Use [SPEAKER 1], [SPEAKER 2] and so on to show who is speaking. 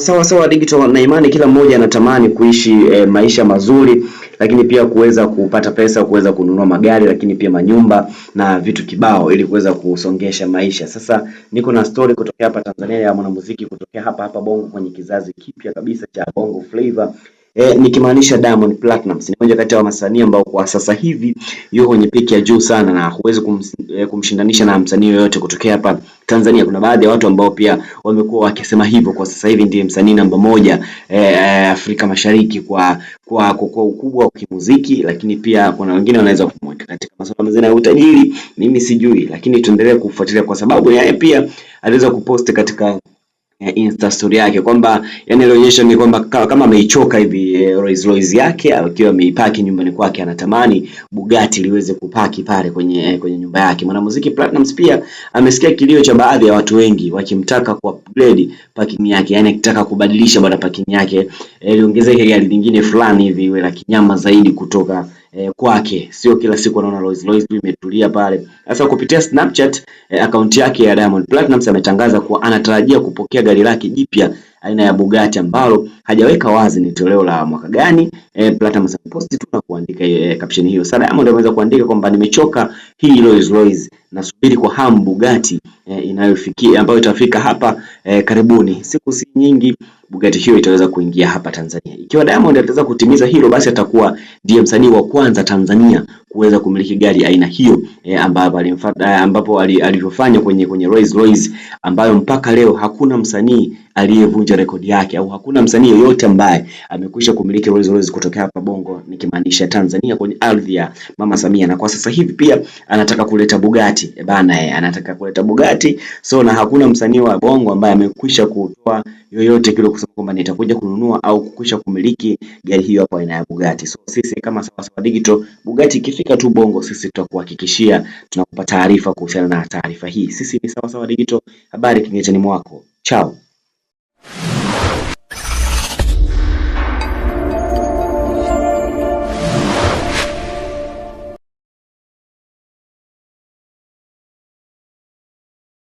[SPEAKER 1] Sawa Sawa Digital na imani kila mmoja anatamani kuishi e, maisha mazuri, lakini pia kuweza kupata pesa, kuweza kununua magari, lakini pia manyumba na vitu kibao, ili kuweza kusongesha maisha. Sasa niko na story kutokea hapa Tanzania ya mwanamuziki kutokea hapa hapa Bongo kwenye kizazi kipya kabisa cha Bongo Flava. E, nikimaanisha Diamond Platnumz ni mmoja kati ya wasanii ambao kwa sasa hivi yuko kwenye piki ya juu sana na huwezi kum, e, kumshindanisha na msanii yoyote kutokea hapa Tanzania kuna baadhi ya watu ambao pia wamekuwa wakisema hivyo. Kwa sasa hivi ndiye msanii namba moja eh, eh Afrika Mashariki kwa kwa, kwa, kwa ukubwa wa kimuziki, lakini pia kuna wengine wanaweza kumweka katika masuala mazina ya utajiri, mimi sijui, lakini tuendelee kufuatilia kwa sababu yeye pia aliweza kuposti katika Eh, insta story yake kwamba yani alionyesha ni kwamba kama ameichoka hivi eh, Rolls Royce yake akiwa ameipaki nyumbani kwake, anatamani Bugatti liweze kupaki pale kwenye eh, kwenye nyumba yake. Mwanamuziki Platnumz pia amesikia kilio cha baadhi ya watu wengi wakimtaka ku upgrade parking yake, yani akitaka kubadilisha bwana parking yake ili eh, gari lingine fulani hivi iwe la kinyama zaidi kutoka eh, kwake. Sio kila siku anaona Lois. Lois tu imetulia pale. Sasa kupitia Snapchat eh, akaunti yake ya Diamond Platinumz ametangaza kuwa anatarajia kupokea gari lake jipya aina ya Bugatti ambalo hajaweka wazi ni toleo la mwaka gani. Eh, Platinumz ameposti tu na kuandika eh, caption hiyo. Sasa Diamond ameweza kuandika kwamba nimechoka hii Lois Lois, nasubiri kwa hamu Bugatti eh, inayofikia ambayo itafika hapa eh, karibuni, siku si nyingi Bugatti hiyo itaweza kuingia hapa Tanzania. Ikiwa Diamond ataweza kutimiza hilo, basi atakuwa ndiye msanii wa kwanza Tanzania kuweza kumiliki gari aina hiyo e, ambapo alimfuata eh, ambapo alivyofanya kwenye kwenye Rolls Royce ambayo mpaka leo hakuna msanii aliyevunja rekodi yake au hakuna msanii yoyote ambaye amekwisha kumiliki Rolls Royce kutokea hapa Bongo, nikimaanisha Tanzania kwenye ardhi ya Mama Samia. Na kwa sasa hivi pia anataka kuleta Bugatti e bana, eh, anataka kuleta Bugatti. So na hakuna msanii wa Bongo ambaye amekwisha kutoa yoyote kile kusema kwamba nitakuja kununua au kukwisha kumiliki gari hiyo hapo aina ya Bugatti. So sisi kama Sawasawa Digital, Bugatti ikifika tu Bongo, sisi tutakuhakikishia tunakupa taarifa kuhusiana na taarifa hii. Sisi ni Sawasawa Digital, habari kingetani mwako chao.